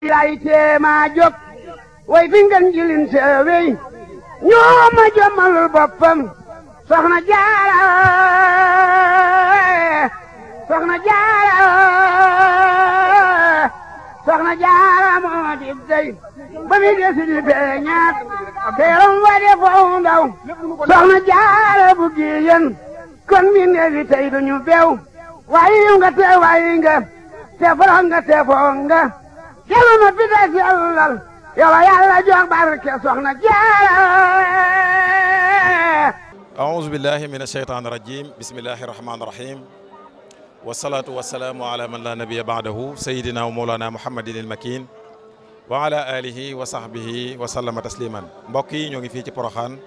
lay teema jóg way fi ngeen jilin seewey ñoo ma jommalul boppam soxna jaara soxna jaara soxna jaara moo di dey ba mi desi di feeñaat teeram wa de foofu soxna jaara bu giyen kon mi neefi tey duñu bew waayi nga te waayi te foro nga te foo yàlla na fi des yàllal yàlla yàlla jox barke soxna jaara aouzu billahi min asheytaani rajim bismillahi rahmaani rahim wasalaatu wasalaamu ala man la nabiya baadahu sayidina wa moolana muhammadin il makin wa ala alihi wa sahbihi wa sallama tasliman mbokk yi ñoo ngi fii ci Poroxaan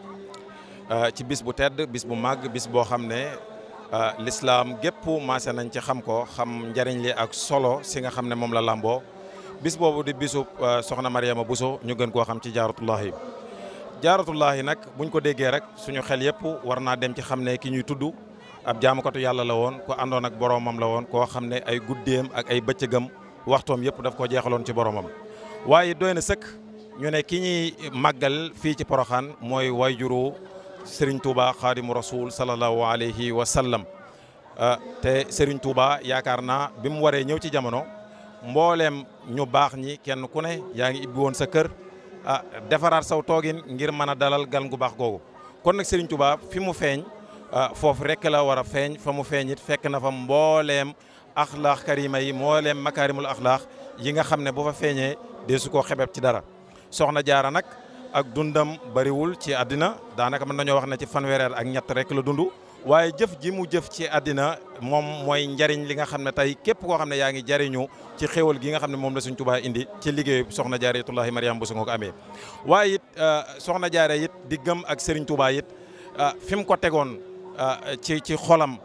uh, ci bis bu tedd bis bu màgg bis boo xam ne uh, lislaam gépp maase nañ ci xam ko xam njariñ li ak solo si nga xam ne moom la làmboo bis boobu di bisu euh, soxna Mariama Bousso ñu gën koo xam ci jaaratullahi jaaratullahi nag buñ ko déggee rek suñu xel yëpp war naa dem ci xam ne ki ñuy tudd ab jaamukatu yàlla la woon ko àndoon ak boromam la woon koo xam ne ay guddeem ak ay bëccëgam waxtoom yëpp daf ko jeexaloon ci boromam waaye doy na sëkk ñu ne ki ñuy màggal fii ci Poroxaan mooy wayjuru Serigne Touba xaadimu rasul sallallahu alayhi wa sallam euh, te Serigne Touba yaakaar naa bi mu waree ñëw ci jamono. mbooleem ñu baax ñi kenn ku ne yaa ngi ibbi woon sa kër ah defaraat saw toogin ngir mën a dalal gan gu baax googu kon nag Serigne Touba fi mu feeñ ah, foofu rek la war a feeñ fa mu feeñ fekk na fa mbooleem axlaax karima yi mbooleem makaarimul axlaax yi nga xam ne boo fa feeñee dee su koo xebeb ci dara soxna jaara nag ak dundam bariwul ci àddina daanaka mën nañoo wax na ci fanweer ak ñett rek la dund waaye jëf ji mu jëf ci àddina moom mooy njariñ li nga xam ne tey képp koo xam ne yaa ngi jariñu ci xéwal gi nga xam ne moom la suñ tubaa indi ci liggéey soxna jaaratullahi mariama bu su nga ko amee waaye it euh, soxna jaare it di gëm ak sëriñ tubaa it euh, fi mu ko tegoon euh, ci ci xolam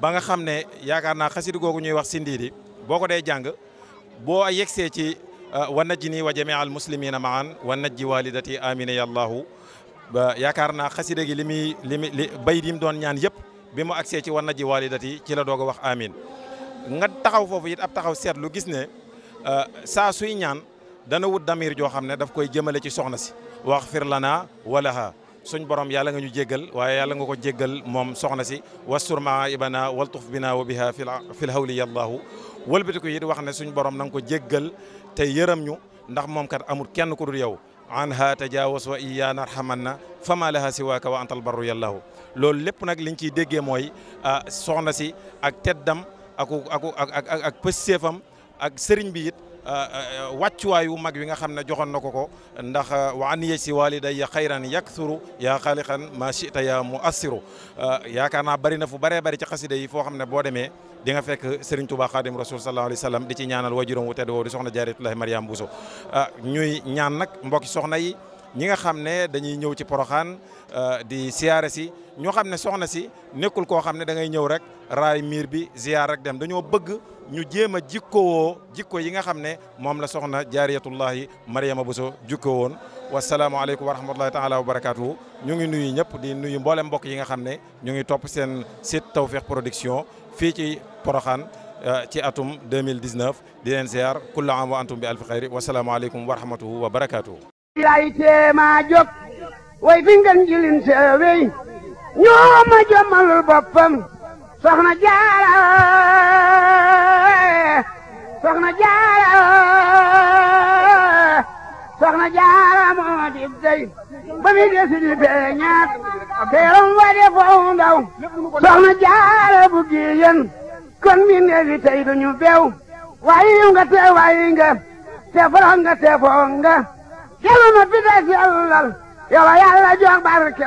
ba nga xam ne yaakaar naa xasida googu ñuy wax sindiidi boo ko dee jàng boo yegsee ci wa ji nii wa jamia al muslimina maan wa najji walidati amina yallahu ba yaakaar naa xasida gi li muy li muy li bay yi mu doon ñaan yëpp bi mu agsee ci wan na ji walidati ci la doog a wax amin nga taxaw foofu it ab taxaw seetlu gis ne euh, saa suy ñaan dana wut damir joo xam ne daf koy jëmale ci soxna si wax fir lana walaha suñ borom yàlla nga ñu jéggal waaye yàlla nga ko jéggal moom soxna si was wasturma ibana waltuf bina wa biha fil hawli yallahu walbatiku it wax ne suñ borom na nga ko jéggal te yërëm ñu ndax moom kat amul kenn ku dul yow anha tajawas wa iyaana arhamanna fama laha siwaaka wa antal barru yallahu loolu lépp nag liñ ciy déggee mooy soxna si ak teddam ak ak ak ak pësséefam ak sëriñ bi it wàccuwaayu mag wi nga xam ne joxoon na ko ko ndax wa an yej si walidayya xayran yakthuru yaa xaaliqan ma chita ya muassiru yaakaar naa bari na fu bare bari ci xasida yi foo xam ne boo demee di nga fekk Serigne Touba Khadim Rasoul sallallahu alayhi wa sallam di ci ñaanal wajuram wu tedd woowu di soxna Jaaratullahi Mariam Bousso ah ñuy ñaan nag mbokki soxna yi ñi nga xam ne dañuy ñëw ci poroxaan ah, di siyaare si ñoo xam ne soxna si nekkul koo xam ne da ngay ñëw rek raay miir bi ziyaar rek dem dañoo bëgg ñu jéem a jikkowoo jikko yi nga xam ne moom la soxna Jaaratullahi Mariama Bousso jikko woon wasalaamualeykum wa rahmatulahi taala wa barakaatu ñu ngi nuyu ñëpp di nuyu mboolem mbokk yi nga xam ne ñu ngi topp seen site Tawfekh Production fii ci Porokhane euh, ci atum 2019 di leen ziar kullu am wa antum bi alfi xayri wasalaamualeykum wa wa barakaatu. moo di dey ba mi desi di beñaat teeram wa de fo ndaw soxna jaara bu giyen kon mi neefi tey duñu bew wayu nga te wayu nga te foro nga te fo nga jëlu ma fi des yàllal yow yàlla jox barke